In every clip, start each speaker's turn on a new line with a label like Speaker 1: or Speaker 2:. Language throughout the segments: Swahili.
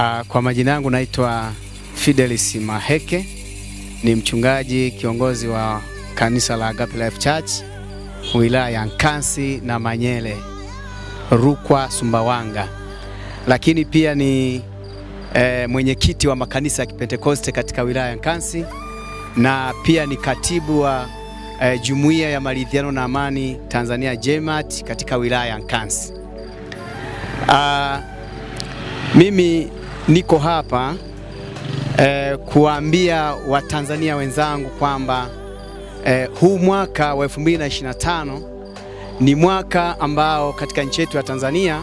Speaker 1: Uh, kwa majina yangu naitwa Fidelis Maheke, ni mchungaji kiongozi wa kanisa la Agape Life Church wilaya ya Nkasi na Manyele, Rukwa, Sumbawanga, lakini pia ni eh, mwenyekiti wa makanisa ya Kipentekoste katika wilaya ya Nkasi na pia ni katibu wa eh, jumuiya ya maridhiano na amani Tanzania JMAT katika wilaya ya Nkasi. Uh, ah, mimi niko hapa eh, kuwaambia Watanzania wenzangu kwamba eh, huu mwaka wa 2025 ni mwaka ambao katika nchi yetu ya Tanzania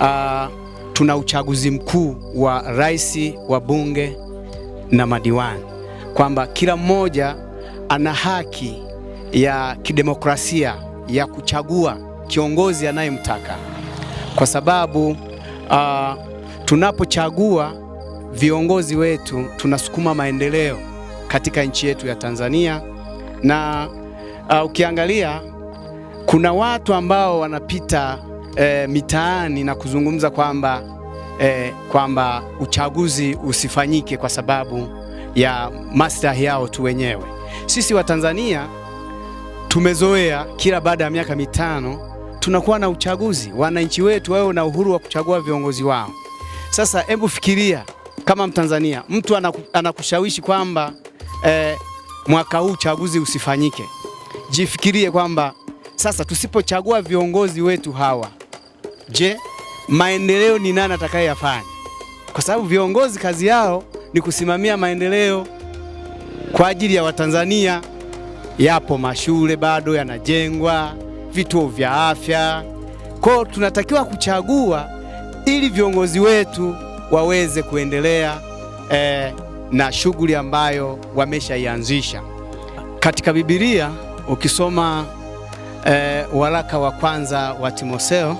Speaker 1: uh, tuna uchaguzi mkuu wa rais, wa bunge na madiwani, kwamba kila mmoja ana haki ya kidemokrasia ya kuchagua kiongozi anayemtaka kwa sababu uh, Tunapochagua viongozi wetu tunasukuma maendeleo katika nchi yetu ya Tanzania na uh, ukiangalia kuna watu ambao wanapita e, mitaani na kuzungumza kwamba e, kwamba uchaguzi usifanyike kwa sababu ya maslahi yao tu wenyewe. Sisi Watanzania tumezoea kila baada ya miaka mitano tunakuwa na uchaguzi, wananchi wetu wawe na uhuru wa kuchagua viongozi wao. Sasa hebu fikiria kama Mtanzania, mtu anaku, anakushawishi kwamba eh, mwaka huu uchaguzi usifanyike. Jifikirie kwamba sasa tusipochagua viongozi wetu hawa, je, maendeleo ni nani atakayeyafanya? Kwa sababu viongozi kazi yao ni kusimamia maendeleo kwa ajili ya Watanzania. Yapo mashule bado yanajengwa, vituo vya afya, kwao tunatakiwa kuchagua ili viongozi wetu waweze kuendelea eh, na shughuli ambayo wameshaianzisha. Katika Biblia ukisoma eh, waraka wa kwanza wa Timotheo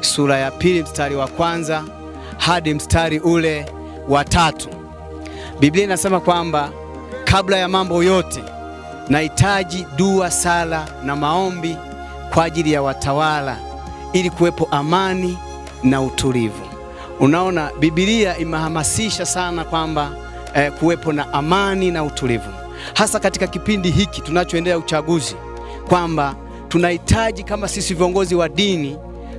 Speaker 1: sura ya pili mstari wa kwanza hadi mstari ule wa tatu, Biblia inasema kwamba kabla ya mambo yote nahitaji dua, sala na maombi kwa ajili ya watawala ili kuwepo amani na utulivu. Unaona, Biblia imehamasisha sana kwamba eh, kuwepo na amani na utulivu, hasa katika kipindi hiki tunachoendelea uchaguzi, kwamba tunahitaji kama sisi viongozi wa dini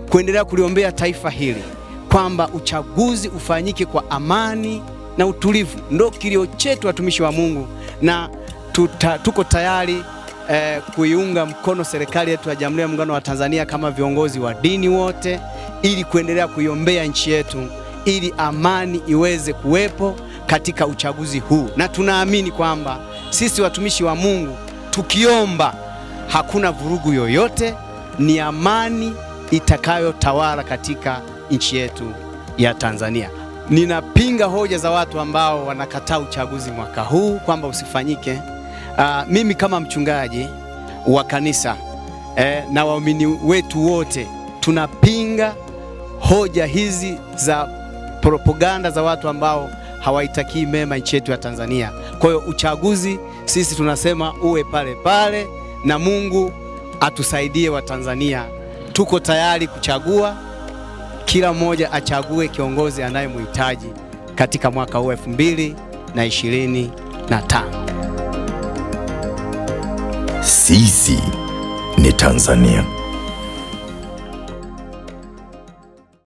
Speaker 1: kuendelea kuliombea taifa hili kwamba uchaguzi ufanyike kwa amani na utulivu. Ndio kilio chetu watumishi wa Mungu, na tuta, tuko tayari eh, kuiunga mkono serikali yetu ya Jamhuri ya Muungano wa Tanzania kama viongozi wa dini wote ili kuendelea kuiombea nchi yetu ili amani iweze kuwepo katika uchaguzi huu, na tunaamini kwamba sisi watumishi wa Mungu tukiomba, hakuna vurugu yoyote, ni amani itakayotawala katika nchi yetu ya Tanzania. Ninapinga hoja za watu ambao wanakataa uchaguzi mwaka huu kwamba usifanyike. Aa, ah, mimi kama mchungaji wa kanisa eh, na waumini wetu wote tunapinga hoja hizi za propaganda za watu ambao hawaitakii mema nchi yetu ya Tanzania. Kwa hiyo uchaguzi sisi tunasema uwe pale pale, na Mungu atusaidie Watanzania. Tuko tayari kuchagua, kila mmoja achague kiongozi anayemhitaji katika mwaka huu elfu mbili na ishirini na tano. Sisi ni Tanzania.